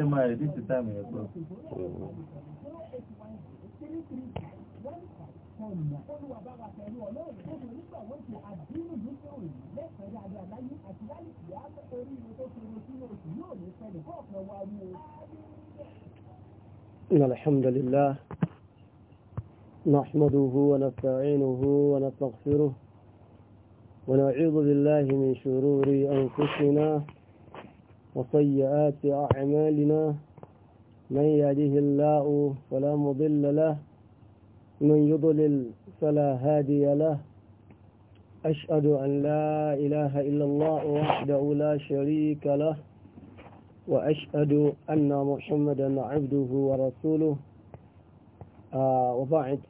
إن الحمد لله نحمده ونستعينه ونستغفره ونعوذ بالله من شرور أنفسنا وسيئات أعمالنا من يهده الله فلا مضل له من يضلل فلا هادي له أشهد أن لا إله إلا الله وحده لا شريك له وأشهد أن محمدا عبده ورسوله آه وبعد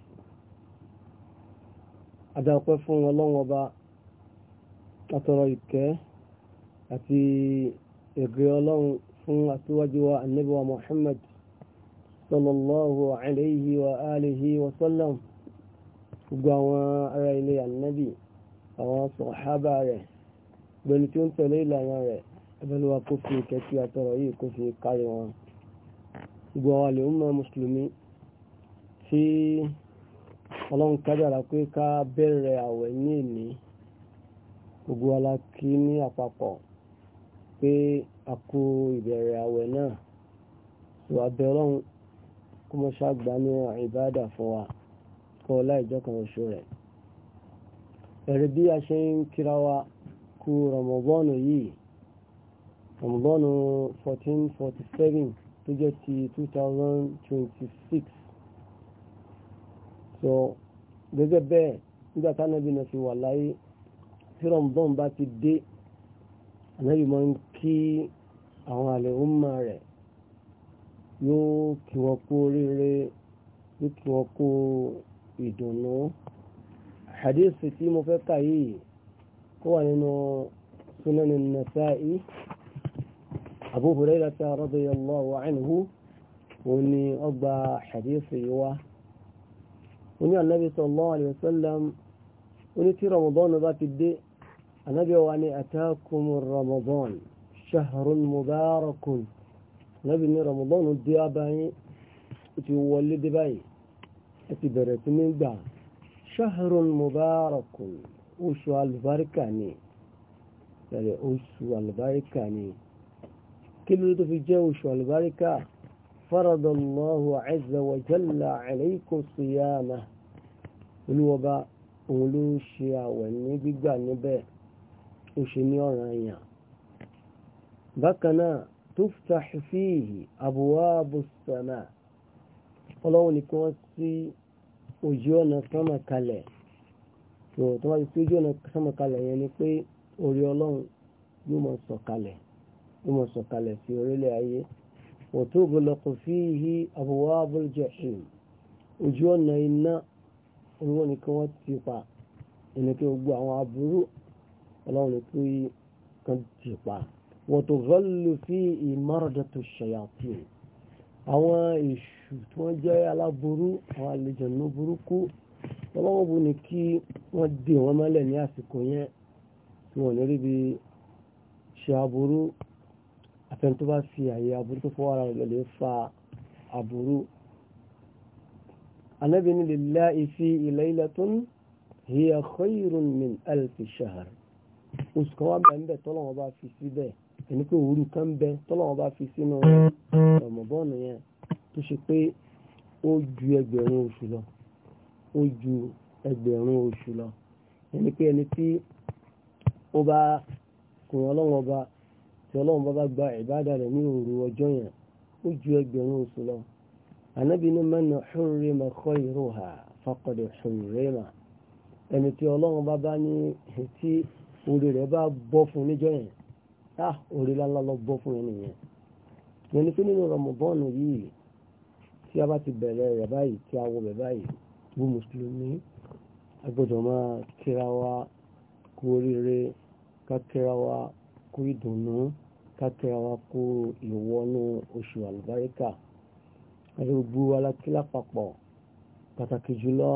أدعوكم الله وبا أتريك أتي ìgbé ọlọ́run fún aṣíwájú wa annabi wa muhammad sallallahu alayhi wa alihi wa sallam gbogbo àwọn ará ilé annabi àwọn sọ̀hábà rẹ̀ gbẹ̀lú tí ó ń tẹ̀lé ìlànà rẹ̀ ẹbẹ̀lúwa kó fi kẹtí àtọ̀rọ̀ yìí kó fi kárí wọn gbogbo àwọn àlè ọmọ mùsùlùmí tí ọlọ́run kájára pé ká bẹ̀rẹ̀ àwẹ̀ ní èní gbogbo alákí ní àpapọ̀ pé a kú ìbẹ̀rẹ̀ àwẹ̀ náà tó abẹ́ ọlọ́run kó mọ́ ṣàgbá ní ìbáàdà fún wa kọ́ láìjọ́ kan oṣù rẹ̀ ẹ̀rí bí a ṣe ń kíra wa kú rọmọbọ́ọ̀nù yìí rọmọbọ́ọ̀nù 1447 tó jẹ́ ti 2026 so gẹ́gẹ́ bẹ́ẹ̀ nígbà tánábì náà fi wà láyé tí rọmọbọ́ọ̀nù bá ti dé ànábì máa ń kí àwọn àlẹ́ ọmọ rẹ̀ yóò kí wọn kú oríire yóò kí wọn kú ìdùnnú hadith tí mo fẹ́ kà yìí kó wà nínú sunan an-nasa'i abu hurairata radiyallahu anhu òun ni ọgbà hadith yìí oní ànábì sallallahu alayhi oní tí ramadan bá ti dé ànábì wa ni atakumur ramadan shahrun mubarakun nábì ní ramadan dé abáyín ó ti wọlé dé báyìí ẹ ti bẹ̀rẹ̀ sí ní gbà shahrun mubarakun oṣù alùbáríkà ni bẹ̀rẹ̀ oṣù alùbáríkà ni kí ló tó fi jẹ́ oṣù alùbáríkà faradallahu azza wa jalla alaykum siyama olúwọba òun ló ṣe àwẹ̀ ní gbígbà níbẹ̀ ó ṣe ní ọ̀ranyàn bákan تفتح فيه أبواب abwabu sama ọlọ́run ni kí wọ́n sí ojú ọ̀nà sánmà kalẹ̀ tó tó wáyé sí ojú ọ̀nà sánmà kalẹ̀ yẹn ni pé orí ọlọ́run yóò mọ̀ sọ̀kalẹ̀ yóò mọ̀ sọ̀kalẹ̀ sí orílẹ̀ ayé وتغلق فيه أبواب الجحيم وجونا إنا ونكون واتفا إنك يقبع وعبرو ولو نكوي كنتفا وتغل فيه مردة الشياطين àwọn èṣù tí wọ́n jẹ́ aláburú àwọn àlejànú burúkú ọlọ́wọ́ bú ni kí wọ́n dè wọ́n mọ́lẹ̀ ní àsìkò yẹn tí wọ́n lórí bí ṣe aburú àfẹn tó bá fi àyè aburú tó fọwọ́ ara rẹ̀ lọ lè fa aburú. Ànábì ní lillahi fi laylatun hiya khayrun min alfi shahr oṣù kan wá bẹ̀ ń bẹ̀ tọ́lọ́wọ́n bá fi síbẹ̀ ẹni pé òru kan bẹ tọ́lọ́wọ́n bá fi sínú ọmọbọ́ọ̀nù yẹn tó ṣe pé ó ju ẹgbẹ̀rún oṣù lọ ó ju ẹgbẹ̀rún oṣù lọ ẹni pé ẹni tí ó bá kùn ọlọ́wọ́n ọba tí ọlọ́wọ́n bá gba ìbádà rẹ̀ ní òru ọjọ́ yẹn ó ju ẹgbẹ̀rún oṣù lọ ànábì ní mẹ́nà hurrima khayruha faqad hurrima ẹni tí ọlọ́wọ́n bá bá ní tí orí rẹ̀ bá bọ́ fún níjọ́ yẹn ah orí lálá lọ bọ́ fún ẹni yẹn yẹn ni pé nínú rọmọbọ́ọ̀nù yìí tí a bá ti bẹ̀rẹ̀ rẹ̀ báyìí tí a wọ bẹ̀ báyìí bú mùsùlùmí a gbọ́dọ̀ máa kíra wa kú oríire ká kíra wa kú ìdùnnú ká kíra wa kú ìwọ́nú oṣù àlùbáríkà àti gbogbo papọ̀ pàtàkì jùlọ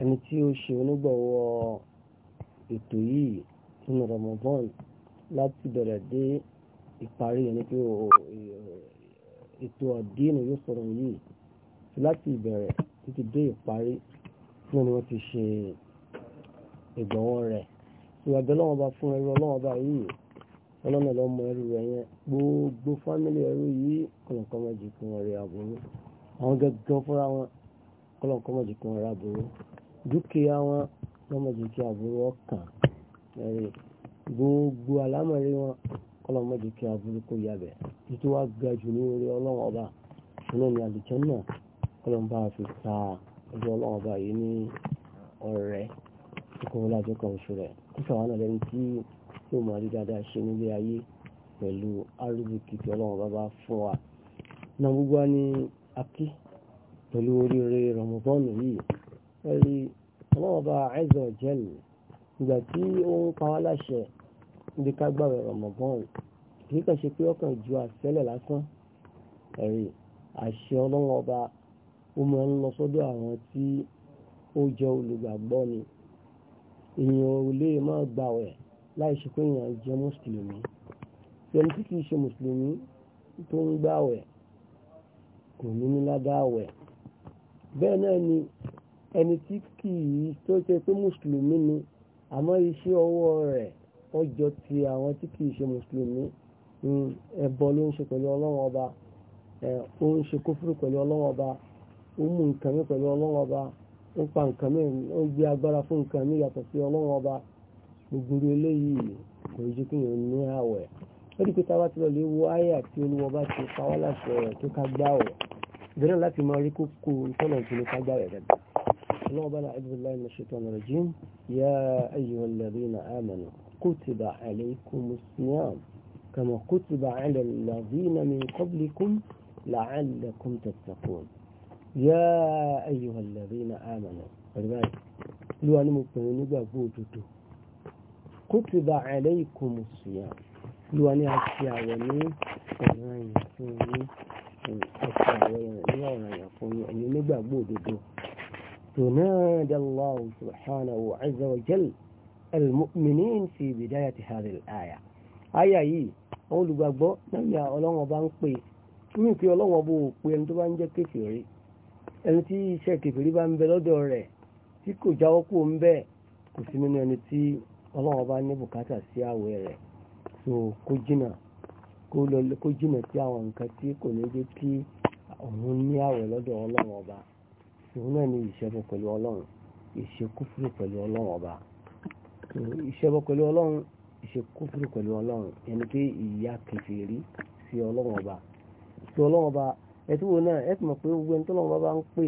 ẹni tí ó ṣe onígbọ̀wọ́ ètò yìí nínú Ramadan láti bẹ̀rẹ̀ dé ìparí ní pé ètò ọ̀dínú yóò sọ̀rọ̀ yìí láti ìbẹ̀rẹ̀ títí dé ìparí fún ni wọ́n ti ṣe ìgbọ̀wọ́ rẹ̀ ìwàgbẹ́ lọ́wọ́ bá fún ẹrú ọlọ́wọ́ bá yìí ọlọ́nà lọ́mọ ẹrú rẹ̀ yẹn gbogbo fámílì ẹrú yìí kọlọ̀kọ́mọ̀jì kún ọ̀rẹ́ àbúrú àwọn gẹ́gẹ́ fúnra wọn kọlọ̀kọ́mọ̀jì kún ọ̀rẹ́ àbúrú dúkìá wọn lọ́mọ̀jì kí àbúrú ọkàn ẹ̀rìn gbogbo alámọ̀rí wọn kọlọmọdé kí ya kó yabẹ̀ títí wá ga jù ní orí ọlọ́run ọba ṣùgbọ́n ní àlùjẹ́ náà fi ta ọjọ́ ọlọ́run ọba yìí ní ọ̀rẹ́ kókó kan oṣù rẹ̀ kó sàwọn náà lẹ́ni tí yóò máa rí dáadáa ṣe nílé ayé pẹ̀lú ọba bá fún wa náà gbogbo wa ní akí pẹ̀lú oríire ìgbà tí ó ń pa wá láṣẹ níbi ká gbàwẹ̀ Ramadan kì í kàn ṣe pé ọkàn ju àṣẹlẹ̀ lásán ẹ̀rí àṣẹ ọlọ́run ọba ó máa ń lọ sọ́dọ̀ àwọn tí ó jẹ́ olùgbàgbọ́ ni èèyàn ò lè máa gbàwẹ̀ láì ṣe pé èèyàn jẹ́ mùsùlùmí ẹni tí kìí ṣe mùsùlùmí tó ń gbàwẹ̀ kò ní ní lágbàwẹ̀ bẹ́ẹ̀ náà ni ẹni tí kìí tó ṣe pé mùsùlùmí ni àmọ́ iṣẹ́ ọwọ́ rẹ̀ ọjọ́ ti àwọn tí kìí ṣe mùsùlùmí hmm, ẹbọ ló ń ṣe pẹ̀lú ọlọ́wọ́n ọba ó ń ṣe kófúrú pẹ̀lú ọlọ́wọ́n ọba ó mú nǹkan mi pẹ̀lú ọlọ́wọ́n ọba ó pa nǹkan mi ó gbé agbára fún nǹkan mi yàtọ̀ sí ọlọ́wọ́n ọba gbogbo eléyìí kò ju kí n ní àwẹ̀ ó di pé táwa ti lọ lè wo àyà tí olúwọ bá ti pa wá láṣẹ rẹ̀ tó ká gbá ọ̀ ìbẹ̀rẹ̀ láti máa rí kókó ìtọ́nà ìpinnu ká gbá rẹ̀ gẹ́gẹ́ اللهم أعوذ بالله من الشيطان الرجيم يا أيها الذين آمنوا كتب عليكم الصيام كما كتب على الذين من قبلكم لعلكم تتقون يا أيها الذين آمنوا رباي لو أنا مؤمن بوجوده كتب عليكم الصيام لو أنا أشياوني أنا يكوني أشياوني لو أنا يكوني أنا نبغى بوجوده تنادى الله سبحانه عز وجل المؤمنين في بداية هذه الآية آية ayayi àwọn olùgbàgbọ́ lẹ́yìn ọlọ́wọ́n bá ń pè mí pé ọlọ́wọ́n bó pe ẹni tó bá ń jẹ́ kèfèrí ẹni tí iṣẹ́ kèfèrí bá ń bẹ lọ́dọ̀ rẹ̀ tí kò jáwọ́ kó ń bẹ́ẹ̀ kò sí nínú ẹni tí ọlọ́wọ́n òun náà ni ìṣẹ́bọ pẹ̀lú ọlọ́run ìṣekúfúrú pẹ̀lú ọlọ́run ọba ìṣẹ́bọ pẹ̀lú ọlọ́run ìṣekúfúrú pẹ̀lú ọlọ́run yẹn ni pé ìyá kèfèrí sí ọlọ́run ọba sí ọlọ́run ọba ẹtúwò náà ẹ ti mọ̀ pé gbogbo ẹni tó lọ́wọ́ bá ń pè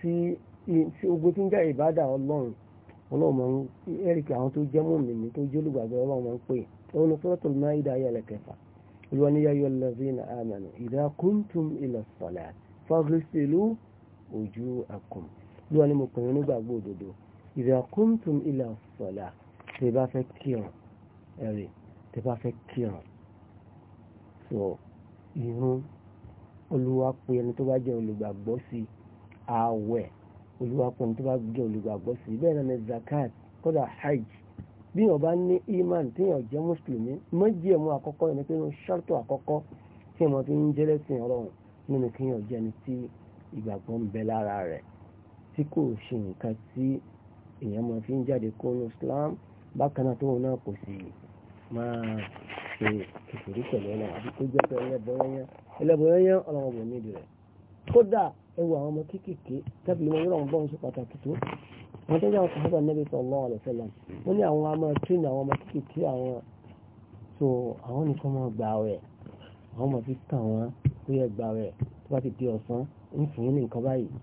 sí ogun tí ń jẹ́ ìbádà ọlọ́run ọlọ́run máa ń ẹ̀ríkì àwọn tó jẹ́ mọ̀mìnì tó jẹ́ olùgbàgbọ́ ọlọ́run máa ń pè òun ni Suratul Maida ayé ẹlẹ́kẹfà olùwàníyá yọ lẹ́sìn àmánù idha kuntum ila salat faghsilu ojú àkùn lúwa ni mo pè wọn nígbàgbọ́ òdodo ìrẹ̀ àkúntùm ilẹ̀ ọ̀sọ̀là tẹ bá fẹ́ kírun ẹ̀rì tẹ bá fẹ́ kírun sọ ìrun olúwa pé ẹni tó bá jẹ́ olùgbàgbọ́ sí ààwẹ̀ olúwa pé ẹni tó bá jẹ́ olùgbàgbọ́ sí bẹ́ẹ̀ náà ni zakat kódà hajj bí ọba ní iman téèyàn jẹ́ mùsùlùmí májẹ̀mú àkọ́kọ́ ẹni pé ń ṣàtọ̀ àkọ́kọ́ tí wọ́n fi ń jẹ́lẹ́sìn ọlọ́run nínú kéèyàn jẹ́ ẹni tí ìgbàgbọ́ ń bẹ lára rẹ̀ tí kò ṣe nǹkan tí èèyàn máa fi ń jáde kónú Islam bákan náà tóun náà kò sì máa ṣe kìkìrí pẹ̀lú ọ̀nà àbí kó jẹ́ pé ẹlẹ́bọ̀ọ́yán ẹlẹ́bọ̀ọ́yán ọ̀rọ̀ ọ̀bọ̀ níbi rẹ̀ kódà ẹwà àwọn ọmọ kéékèèké tábìlì wọn yóò bọ́ oṣù pàtàkì tó wọn tó yàwọn sọfọ́bà nẹ́bí sallallahu alaihi wasallam wọn ní àwọn ọmọ tún àwọn ọmọ kéékèèké àwọn tó àwọn nìkan máa gbà rẹ̀ àwọn ọmọ fi kàn wọn ó yẹ gbà rẹ̀ tó bá ti di ọ̀sán ń fún ní nǹkan báyìí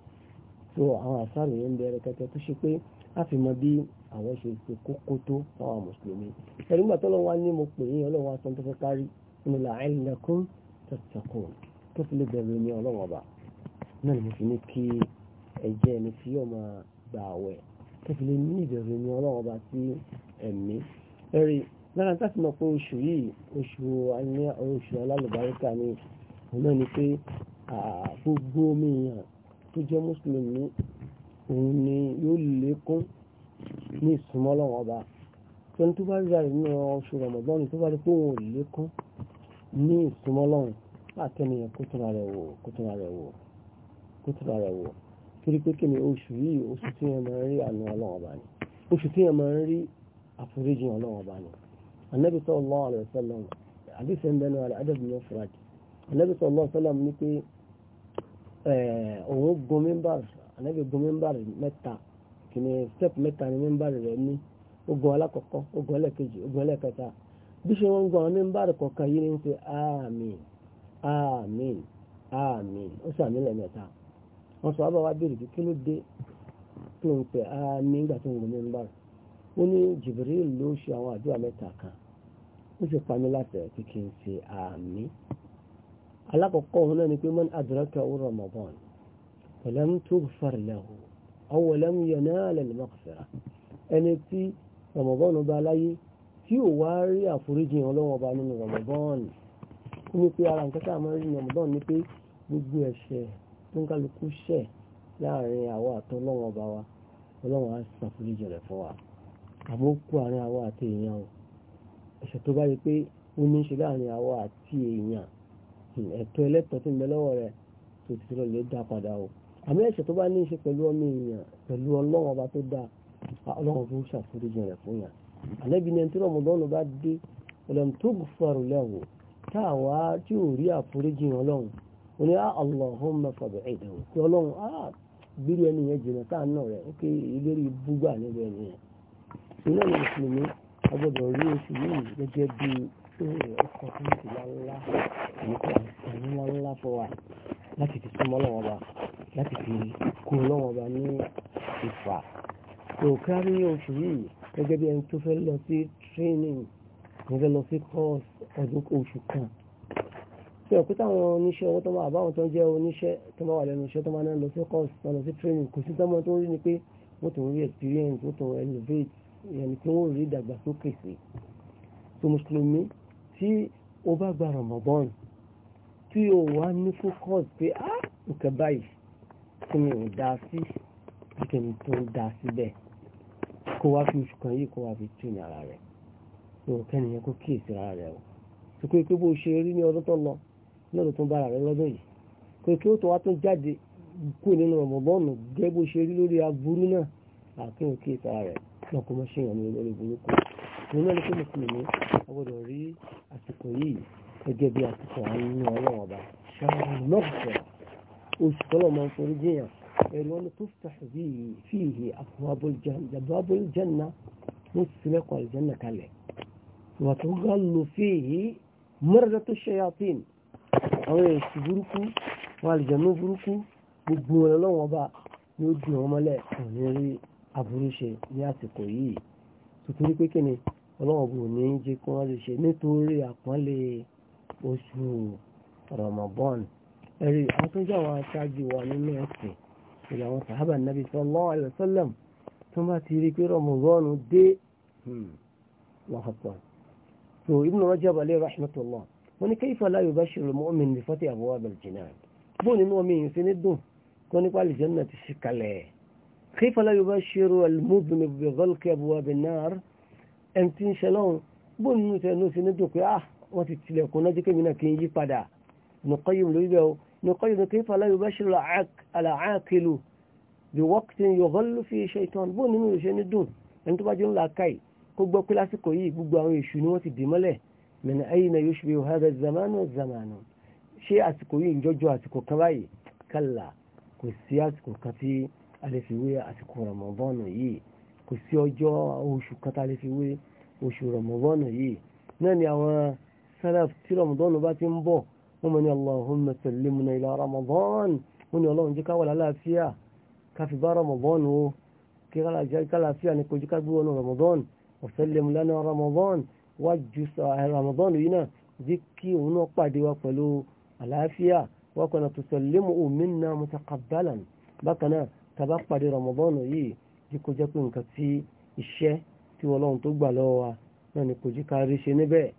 so àwọn àṣàrò yẹn ń bẹ̀rẹ̀ kẹtẹ tó ṣe pé a fi mọ bí àwọn ṣe ṣe kókó tó fáwọn mùsùlùmí ẹ̀rí gbà tọ́lọ́ wa ní mo pè yín ọlọ́wọ́ aṣọ tó fẹ́ kárí nínú la'allakum tattaqun tó fi lè bẹ̀rù ní ọlọ́wọ́ ọba náà ni mo fi ní kí ẹ̀jẹ̀ mi fi yọ̀ máa gbà àwẹ̀ tó fi lè ní ìbẹ̀rù ní ọlọ́wọ́ ọba sí ẹ̀mí ẹ̀rí lára táfi òun náà ni pé gbogbo omi èèyàn tó jẹ́ mùsùlùmí òun ni yóò lékún ní ìsúnmọ́ Ọlọ́run ọba tẹni tó bá rí ra nínú oṣù rọmọdọ́nù tó bá rí pé òun ò lékún ní ìsúnmọ́ Ọlọ́run àtẹnìyàn kó tún ara wò kó tún ara wò kó tún ara wò torí pé kíni oṣù yìí oṣù tí yẹn máa ń rí àánú Ọlọ́run ọba ni oṣù tí yẹn máa ń rí àforíjì Ọlọ́run ọba ni Ànábì sallallahu alaihi wasallam àdìsẹ́ ń bẹ́ẹ̀ náà adab ni anabi sallallahu alaihi wasallam ní pé òun gun mímbàr step mẹ́ta ní mímbàr rẹ̀ ní ogun alákọ̀ọ́kọ́ ogun ẹlẹ́kejì ogun ẹlẹ́kẹta bí ṣe wọ́n ń gun àwọn mímbàr kọ̀ọ̀kan yìí ní ṣe àmín àmín àmín ó sàmì lẹ́mẹ̀ta wọ́n sọ abáwá béèrè pé kí ló dé tó ń pè àmín nígbà tó ń gun mímbàr ó n alákọ̀ọ́kọ́ òun náà ni pé man adraka ramadan falam tughfar lahu aw lam yanal al-maghfirah ẹni tí ramadan bá láyé tí ò wá rí àforíjì ọlọ́wọ́ ọba nínú ramadan kú ní pé ara nǹkan tá a ramadan ni pé gbogbo ẹ̀ṣẹ̀ tó ń kálukú ṣẹ̀ láàrin àwa àtọ́lọ́wọ́ ọba wa ọlọ́wọ́ á ṣàforíjì rẹ̀ fún àmọ́ kú àárín ẹ̀tọ́ ẹlẹ́tọ̀ọ́ tí ń bẹ lọ́wọ́ rẹ̀ tó ti lọ lè dá padà o àmì ẹ̀ṣẹ̀ tó bá ní í ṣe pẹ̀lú ọmọ èèyàn pẹ̀lú ọlọ́run ọba tó dá ọlọ́run tó ṣàforíjì rẹ̀ fún yàn àlẹ́bí ni ẹni tí rọmọdọ́nù bá dé ọlọ́run tó gbùfọ̀rù lẹ́wọ̀ táwa tí ò rí àforíjì ọlọ́run ó ní ọlọ́run mẹ́fọ̀dọ̀ ẹ̀dẹ̀ o tí ọlọ́run á gbérí ẹni yẹn jìnnà táà náà rẹ̀ ó ké ìlérí búgbà níbẹ̀ nìyẹn ìnáwó mùsùlùmí agbọ́dọ̀ rí oṣù yìí gẹ́gẹ́ bíi ọkọ̀ tó ń tìlá ńlá ìyíkọ̀ àǹfààní wọn ńlá fún wa láti fi súnmọ́ lọ́wọ́ bá láti fi kú lọ́wọ́ bá ní ìfà tó kárí oṣù yìí gẹ́gẹ́ bí ẹni tó fẹ́ lọ sí training tó fẹ́ lọ sí course ọdún oṣù kan tí ọ̀pẹ́ táwọn oníṣẹ́ owó tó máa báwọn tó jẹ́ oníṣẹ́ tó máa wà lẹ́nu iṣẹ́ tó máa ń lọ sí course tó lọ sí training kò sí tọ́mọ tó ń rí ni pé wọ́n tó ń rí experience wọ́n tó ń elevate yẹn ni pé wọ́n rí ìdàgbàsókè sí so mùsùlùmí tí o bá gba Ramadan tí o wá ní focus pé á ah, nǹkan báyìí tí mi ò dá sí kíkẹ́ mi tó ń dá síbẹ̀ kó wá fi oṣù kan yìí kó wá fi tú ní ara rẹ̀ tó o kẹ́ni yẹn kó kíyèsí ara rẹ̀ o tó pé pé bó ṣe rí ní ọdún tó lọ ní tó ń bára rẹ̀ lọ́dún yìí pé kí ó tó wá tó jáde kú nínú Ramadan gẹ́gẹ́ bó ṣe rí lórí aburú náà àkíyèsí ara rẹ̀ lọ́kọ́ mọ́ ní olórí burúkú òun náà ní pé mùsùlùmí a gbọ́dọ̀ rí àsìkò yìí gẹ́gẹ́ bí àsìkò àánú ọlọ́wọ́ ọba ṣàlùmọ́ọ̀fẹ́ oṣù tọ́lọ̀ máa ń forí jìyàn ẹ̀rọ ni tó sàbí fíìhì àbúrábọ̀lì jẹ́nà wọ́n ti sílẹ̀kọ̀ àlùjẹ́nà kalẹ̀ wà tó gá lò fíìhì mọ́rẹ́dá tó ṣe yàtìn àwọn èsì burúkú wọn àlùjẹ́nà burúkú gbogbo ọlọ́wọ́ ọba ni ó dùn ọmọlẹ̀ kàn ní ṣe ní àsìkò yìí tuntun ní pé kí ni ọlọ́run bò ní jẹ́ kí wọ́n lè ṣe nítorí àpọ́nlé oṣù Ramadan ẹ̀rí àtúnjọ́ àwọn aṣáájú wa nínú ẹ̀sìn ìlú àwọn sàhábà nàbí sallallahu alaihi wasallam tó bá ti rí pé Ramadan dé wàhálà hmm, so Ibn Rajab alayhi rahmatullah wọ́n ní kayfa la yubashiru al-mu'min bi fati abwab al-jinan bó nínú omi yìí fi ní dùn kó nípa al-jannah ti ṣe kalẹ̀ kayfa la yubashiru al-mudhnib ẹni tí ń ṣe lọ́hùn bó nínú ìṣẹ́ ló ṣe ní dùn pé ah wọ́n ti tilẹ̀kùn náà jẹ́kẹ́ mi náà kì í yí padà nìkan yìí lórí bẹ́ẹ̀ o nìkan yìí kì í fa láyò bẹ́ẹ̀ ṣe àlàákìlù the work thing yóò hàn ló fi ṣe ìtàn bó nínú ìṣẹ́ ní dùn ẹni tó bá jẹ́ ńlá káì kó gbọ́ pé lásìkò yìí gbogbo àwọn èṣù ni wọ́n ti dì mọ́lẹ̀ mẹ́nà ẹ̀yìn náà yóò ṣe hàdà zamanu zamanu ṣé àsìkò yìí ń jọjọ àsìkò kan báyìí kálá kò sí àsìkò kan tí a fi wé àsìkò Ramadan yìí kò sí ọjọ́ oṣù kan tá lè fi wé oṣù rọmọbọ́nù yìí náà ni àwọn salaf tí rọmọbọ́nù bá ti ń bọ̀ wọ́n mọ̀ ní allahumma sallimna ila rọmọbọ́nù wọ́n ní ọlọ́run jẹ́ ká wà lálàáfíà ká fi bá rọmọbọ́nù o kí kálàáfíà ni kojú ká gbé wọnú rọmọbọ́nù ọ̀sẹ̀lẹ̀ múlánà rọmọbọ́nù wájú rọmọbọ́nù yìí náà jẹ́ kí òun náà pàdé wa pẹ̀lú àlàáfíà wọ́n kọ́nà tusallimu minna mutaqabbalan bákan náà tàbá pàdé rọmọbọ́nù yìí jí kó jẹ́ pé nǹkan tí iṣẹ́ tí ọlọ́run tó gbà lọ́wọ́ wa náà ni kò jí ká rí ṣe níbẹ̀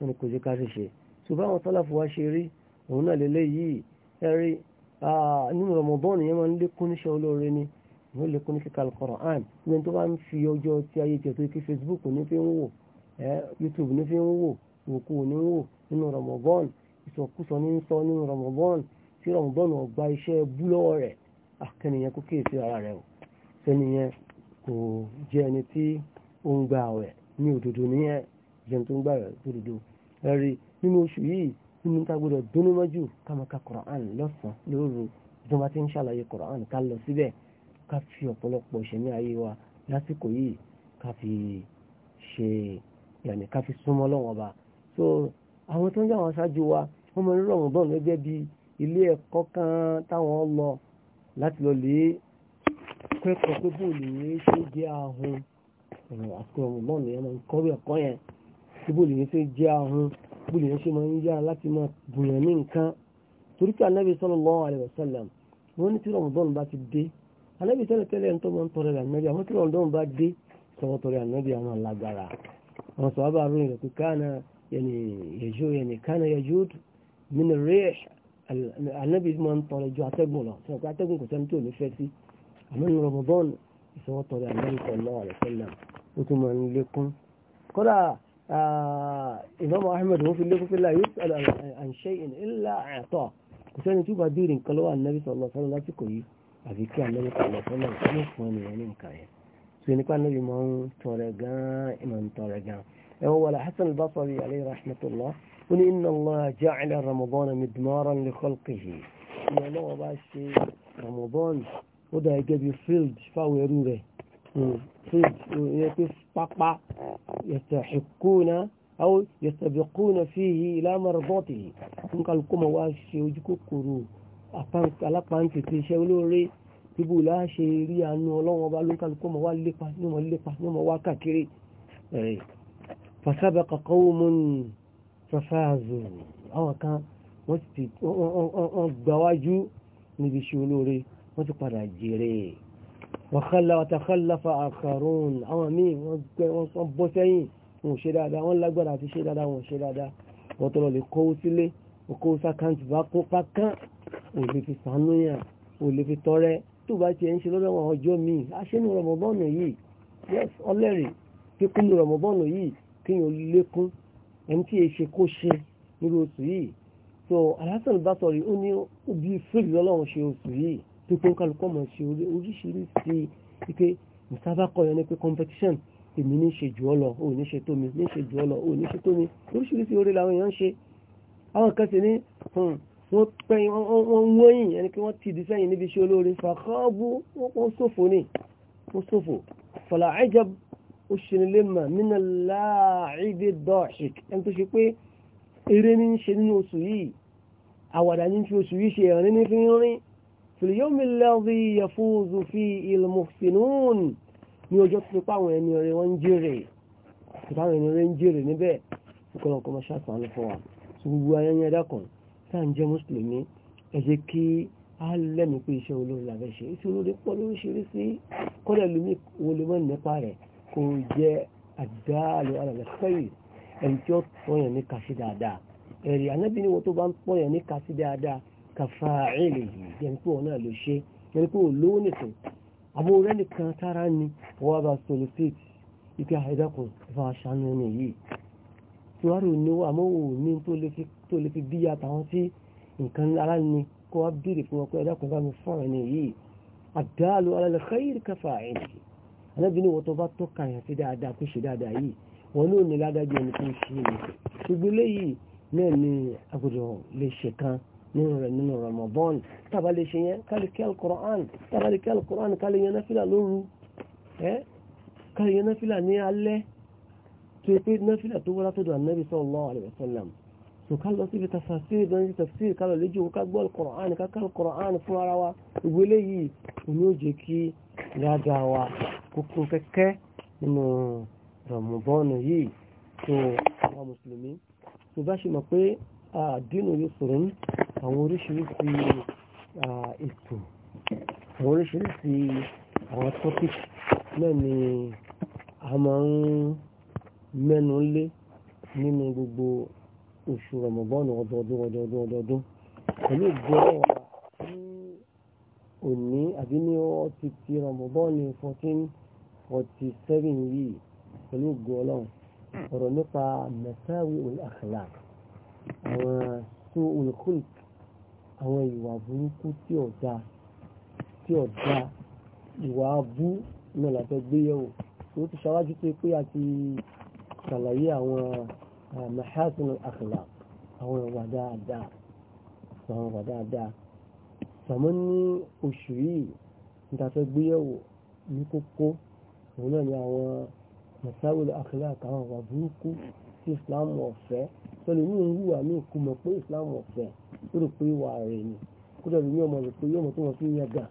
náà ni kò jí ká rí ṣe ṣùgbọ́n àwọn tọ́lá fún wa ṣe rí òun náà lélẹ́ yìí ẹ̀rí nínú Ramadan yẹn máa ń lékún níṣẹ́ olóore ni ìwọ́n lékún ní kíkà Al-Qur'an ìgbẹ́ni tó bá ń fi ọjọ́ ti ayé tiẹ̀ tó kí Facebook ní fi ń wò YouTube ní fi ń wò òkú ní wò nínú Ramadan ìsọkúsọ ní ń sọ nínú Ramadan tí Ramadan ọgbà iṣẹ́ bú lọ́wọ́ rẹ̀ akẹ́niyàn kó kéèsì ara rẹ̀ o ẹni yẹn kò jẹ́ ẹni tí ó ń gba àwẹ̀ ní òdodo nìyẹn jẹun tó ń gba àwẹ̀ òdodo ẹ̀rí nínú oṣù yìí nínú tá a gbọdọ̀ dúnúmọ́jú ká máa ka Quran lọ́sàn-án lóru tó bá ti ń ṣàlàyé Quran ká lọ síbẹ̀ ká fi ọ̀pọ̀lọpọ̀ ìṣẹ̀mí ayé wa lásìkò yìí ká fi ṣe yàní ká fi súnmọ́ lọ́wọ́ ọba so àwọn tó ń jà wọn ṣáájú wa wọ́n mọ rírọ̀ wọn bọ́ọ̀n gẹ́gẹ́ bí ilé ẹ̀kọ́ kan táwọn lọ láti lọ lè kẹ́kọ̀ọ́ pé bò ní ṣe jẹ́ ahun àti ọmọ náà nìyẹn máa ń kọ́ bí ẹ̀kọ́ yẹn tí bò ní ṣe jẹ́ ahun bò ní ṣe máa ń yára láti máa bùyàn ní nǹkan torí pé anábì sallallahu alaihi wasallam wọ́n ní tí Ramadan bá ti dé anábì tẹ́lẹ̀ tẹ́lẹ̀ ń tọ́mọ ń tọrẹ ànábì àwọn tí Ramadan bá dé sọ̀rọ̀ tọrẹ ànábì àwọn alágbára àwọn sọ̀rọ̀ bá ròyìn rẹ̀ pé káàna yẹnì yẹjọ́ yẹnì káàna yẹjọ́ àmọ́ ní Ramadan ìṣọwọ́tọrẹ àmẹ́ríkà náà rẹ̀ sẹ́lẹ̀ ó tún máa ń lékún kódà Imam Ahmad wọ́n fi lékún pé láyé an shay'in illa a'ta kò sẹ́ni tí ó bá béèrè nǹkan lọ́wọ́ ànábì sallallahu alaihi wasallam lásìkò yìí àfi kí àmẹ́ríkà lọ sọ́lọ́ ní fún ènìyàn ní nǹkan yẹn tó nípa ànábì máa ń tọrẹ gan ìmọ̀ ń tọrẹ gan ẹ̀wọ̀n wàlá Hasan al-Basri alayhi Ramadan ó dà gẹ́gẹ́ bí field fáwọn ẹrú rẹ̀ hmm. field eh, yẹ pé pápá yastahiquna aw yastabiquna fihi ila mardatihi fún kálukú ma wá ṣe ojú kòkòrò alápáǹtẹ̀tẹ̀ iṣẹ́ olóore ibù láṣẹ rí àánú ọlọ́wọ́n bá lókàlùkọ́ ma wá lépa ní ọmọ lépa ní ọmọ wá kàkiri ẹ̀rẹ̀ fasabaqa qawmun fafazu àwọn kan wọ́n ti gbáwájú níbi ṣe olóore wọ́n ti padà jèrè wàtàkàlàfà àkàrùn àwọn míì wọ́n bọ́ sẹ́yìn wọn ò ṣe dáadáa wọ́n lágbára àti ṣe dáadáa wọn ò ṣe dáadáa wọ́n tọ́lọ̀ lè kówó sílé okó sákàǹtì bá kó pákán ò lè fi sànúyàn ò lè fi tọrẹ tó bá tiẹ̀ ń ṣe lọ́dọ̀ àwọn ọjọ́ míì aṣẹ́ ní rọmọbọ́ọ̀nù yìí yes ọlẹ́rìí kíkún ní rọmọbọ́ọ̀nù yìí kíyàn lékún ẹni tí èṣe kó ṣe nírú oṣù yìí so alásàn bá sọ̀rọ̀ ó ní ó bí fíìlì ọlọ́run ṣe oṣù yìí pípọ́n kálukọ́ mọ̀ ṣe oríṣiríṣi pípé ìsábàkọ̀ yẹn ni pé competition èmi ní ṣe jù ọ lọ ò ní ṣe tómi ní ṣe jù ọ lọ ò ní ṣe tómi oríṣiríṣi oore làwọn èèyàn ń ṣe àwọn kan sì ní hmm, wọ́n pẹ́ wọ́n wọ́yìn ẹni kí wọ́n ti di sẹ́yìn níbi iṣẹ́ olóore fàkọ́bù wọ́n sòfò ní wọ́n sòfò fọ̀là àìjẹ́bù ó ṣẹlẹ̀ mà nínú láàrídé dọ́ọ̀ṣìk ẹni tó ṣe pé eré ní ṣe nínú oṣù yìí àwàdà ní fi oṣù yìí ṣe ẹ̀rín ní fi ń rìn في اليوم الذي يفوز فيه المحسنون ní ọjọ́ tó pa àwọn ẹni ọ̀rẹ́ wọn ń jèrè ìtàwọn ẹni ọ̀rẹ́ ń jèrè níbẹ̀ ìkọlọ̀kọ́ máa ṣàtàánú fún wa tí gbogbo ayẹyẹ dákan tá ń jẹ́ mùsùlùmí ẹ jẹ́ kí á lẹ́nu pé iṣẹ́ olórí làbẹ́ ṣe iṣẹ́ olórí pọ̀ lóríṣiríṣi kọ́lẹ̀ lómi wo lè mọ́ nípa rẹ̀ kó jẹ́ àdáàlú alàlẹ́ sẹ́yìn ẹni tí ó tọ́yàn ní kàṣí dáadáa ẹ̀rí anábìnrin wo tó bá ń tọ́yàn ní kàṣí dáadáa kàfà àìlè yìí jẹ́ pé òun náà ló ṣe jẹ́ pé olówó nìkan àbó rẹ̀ nìkan tára ni wọ́n bá solicit ike àìdákùn ìfà aṣáánú ẹni yìí tí wàá rí oníwó àmọ́ òní tó lè fi bí àtàwọn tí nǹkan ara ni kó wá bèèrè fún ọkọ̀ ẹ̀dákùn bá mi fún ẹni yìí àdáàlú ala al-khayr kàfà àìlè yìí alábìnrin wọ́n tó bá tọ́ka yẹn sí dáadáa kó ṣe dáadáa yìí wọn ló ní ládájọ́ ẹni tó ń ṣe é ṣùgbọ́n léyìí náà ni agbọ́dọ̀ lè ṣe nínú rẹ̀ nínú Ramadan tàbá lè ṣe yẹn ká lè kí alukoran tàbá lè kí alukoran ká lè yan náfìlà lóru ẹ ká lè yan náfìlà ní alẹ́ tó yẹ pé náfìlà tó wọlá tó do anabi sallallahu alayhi wa sallam tó ká lọ síbi tafsir gan tafsir ká lọ léjò ká gbọ́ alukoran ká ká alukoran fún ara wa ìwé léyìí òní ò jẹ́ kí dáadáa wa kókó kẹ́kẹ́ nínú Ramadan yìí tó àwọn mùsùlùmí tó bá ṣe mọ̀ pé dínú yusrun àwọn oríṣiríṣi ètò àwọn oríṣiríṣi àwọn topic náà ni a máa ń mẹ́nu lé nínú gbogbo oṣù rọ̀mọ̀bọ́ọ̀nù ọdọọdún ọdọọdún ọdọọdún pẹ̀lú ìgbéyàwó òní àbí ní ọ ti ti rọ̀mọ̀bọ́ọ̀nù fourteen forty yìí pẹ̀lú ìgbéyàwó ọ̀rọ̀ nípa mẹ́tàwí al àwọn tó olùkúlù àwọn ìwà burúkú tí ọ̀dá tí ọ̀dá ìwà abú náà látọ́ gbé yẹ̀wò tó ti ṣáwájú pé pé a ti ṣàlàyé àwọn mahasin akhlaq àwọn ìwà dáadáa àwọn ìwà dáadáa sàmọ́ ní oṣù yìí níta fẹ́ gbé yẹ̀wò ní kókó òun náà ni àwọn masawul akhlaq àwọn ìwà burúkú tí islam ọ̀fẹ́ tọ́lẹ̀ ní òun wùwà ní òkú mọ̀ pé islam ọ̀fẹ́ ó rò pé ìwà rẹ̀ ni kódà lómi ọmọ rẹ̀ pé yóò mọ̀ tó wọn fi ń yàgà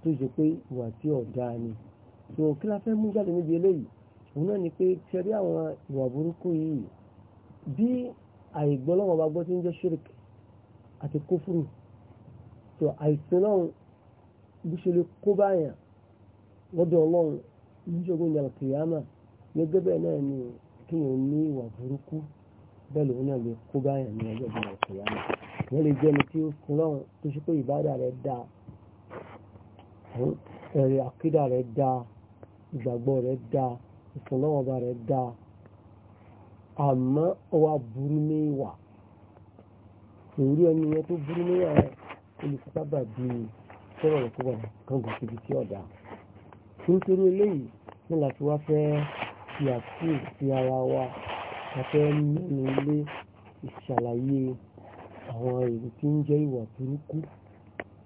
tó ṣe pé ìwà tí ọ̀dà ni tó kí la fẹ́ mú jáde níbi eléyìí òun náà ni pé tẹ̀rí àwọn ìwà burúkú yìí bí àìgbọ́lọ́wọ́ bá gbọ́ tí ń jẹ́ shirk àti kófùrù tó àìsàn náà bó ṣe lè kó báyà lọ́dọ̀ ọlọ́run níjọ́gbọ́n ní gẹ́gẹ́ náà ni kí n ní ìwà burúkú bẹ́ẹ̀ lòun náà lè kó báyà ní ọjọ́ ìgbà ọ̀sẹ̀ yá náà ìyẹn lè jẹ́ ẹni tí ó fún lọ́rùn tó ṣe pé ìbádà rẹ̀ dá ẹ̀rẹ̀ àkídà rẹ̀ dá ìgbàgbọ́ rẹ̀ dá ìfúnlọ́wọ́ba rẹ̀ dá àmọ́ ó wá burú ní ìwà torí ẹni yẹn tó burú ní ìwà olùsábà bí sọ̀rọ̀ rẹ̀ kó wà kángun tí ọ̀dà nítorí eléyìí ní fi àkíyèsí ara wa a fẹ́ mẹ́nu lé ìṣàlàyé àwọn èrò tí ń jẹ́ ìwà burúkú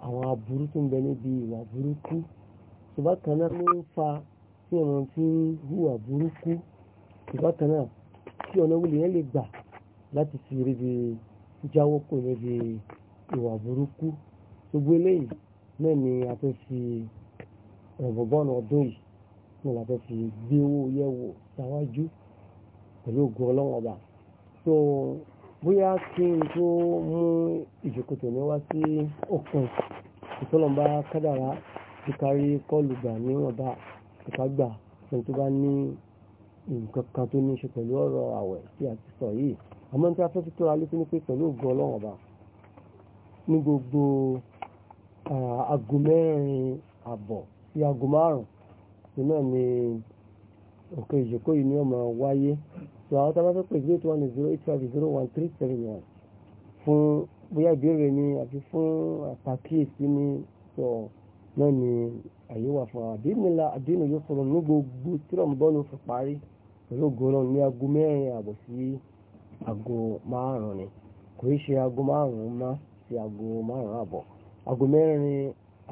àwọn aburú tó ń bẹ níbi ìwà burúkú ṣùgbọ́n ló ń fa tí ọ̀nà fi ń hùwà burúkú ṣùgbọ́n kan náà tí ọ̀nà wọlé yẹn lè gbà láti fi ríbi jáwọ́ kò níbi ìwà burúkú gbogbo eléyìí náà ni a fẹ́ fi ẹ̀bùn bọ́ọ̀nù ọdún yìí náà la fẹ́ fi gbé owó yẹ̀wò sáwájú pẹ̀lú ògùn ọlọ́wọ́n ọba so bóyá kí n tó mú ìjòkòtò mi wá sí òkun ìtọ́lọ́mbà kádàrá ti kárí kọ́ọ̀lù gbà níwọ̀nba ìfagbà ẹni tó bá ní nǹkan kan tó ní ṣe pẹ̀lú ọ̀rọ̀ àwẹ̀ tí a ti sọ yìí àmọ́ tí a fẹ́ fi tó alé tó ní pé pẹ̀lú ògùn ọlọ́wọ́n ọba ní gbogbo aago mẹ́rin àbọ̀ sí aago márùn-ún iná ni òkè ìjòkó yìí ni ó máa wáyé tó àwọn tábà fẹ́ pè zero one zero eight five zero one three seven one fún bóyá ìbéèrè ni àti fún àpàkíyèsí ni sọ náà ni àyè wà fún àdínníla àdínní yóò sọ̀rọ̀ ní gbogbo tí rọ̀mùbọ́ọ̀lù fi parí pẹ̀lú ògùnrán ní aago mẹ́rin àbọ̀ sí aago márùn ni kò í ṣe aago márùn-ún má sí aago márùn-ún àbọ̀ aago mẹ́rin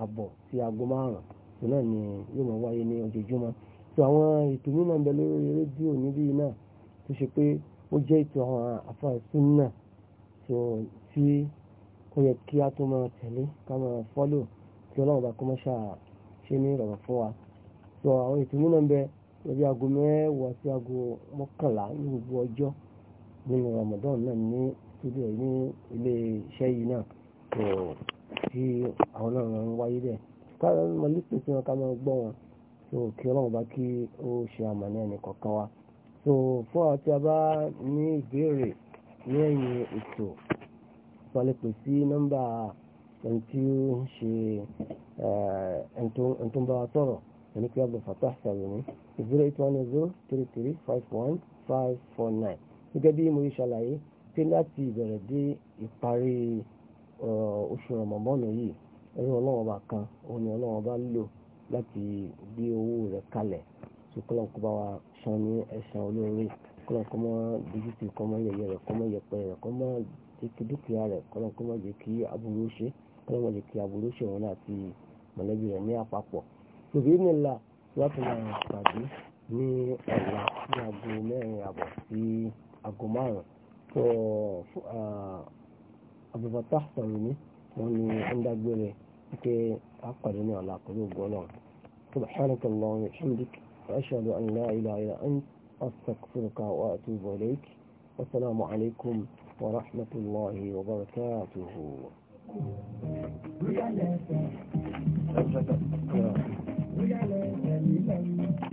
àbọ̀ sí aago márùn-ún tó náà ni yóò máa wáyé ní ojoojúmọ́ tó àwọn ètò mìíràn bẹ lórí rédíò níbí náà tó ṣe pé ó jẹ́ ètò àwọn àfáà súnà tó tí ó yẹ kí a tó máa tẹ̀lé ká máa fọ́lò kí ọlọ́run bá kọ́ mọ́ṣà ṣe ní ìrọ̀rùn fún wa tó àwọn ètò mìíràn bẹ lórí aago mẹ́wàá sí aago mọ́kànlá ní gbogbo ọjọ́ nínú Ramadan náà ní studio ní ilé iṣẹ́ yìí náà tó tí àwọn náà ń wáyé bẹ́ẹ̀ káwọn mọ lísìn sí wọn ká máa gbọ́ wọn so kí ọlọ́run bá kí ó ṣe àmàlẹ́ ẹnì kọ̀ọ̀kan wa so fún àwọn tí a bá ní ìbéèrè ní ẹ̀yìn ètò wọ́n lè pè sí nọ́mbà ẹni tí ó ń ṣe ẹni tó ń bá wa sọ̀rọ̀ ẹni pé Abdul Fatah Salimi zero eight one zero three three five one five four nine gẹ́gẹ́ bí mo ṣàlàyé pé láti ìbẹ̀rẹ̀ dé ìparí oṣù Ramadan yìí ẹ̀rọ ọlọ́wọ́n bá kan òun ni ọlọ́wọ́n bá lò láti gbé owó rẹ̀ kalẹ̀ tó kọ́lọ̀ kó bá wa san ní ẹ̀san olóore kọ́lọ̀ kó mọ́ dígítì kọ́ mọ́ yẹyẹ rẹ̀ kọ́ mọ́ yẹpẹ rẹ̀ kọ́ mọ́ dúkìá rẹ̀ kọ́lọ̀ kó mọ́ jẹ́ kí aburú ṣe kọ́lọ̀ mọ́ jẹ́ kí aburú ṣe òun àti mọ̀lẹ́bí rẹ̀ ní àpapọ̀. tòbí nílà láti máa pàdé ní ọ̀la sí aago mẹ́rin àbọ̀ sí aago márùn-ún tó ah, ah, Abdulfatah wọ́n ní ń كي على قلوب ولون سبحانك اللهم وبحمدك وأشهد أن لا إله إلا أنت أستغفرك وأتوب إليك والسلام عليكم ورحمة الله وبركاته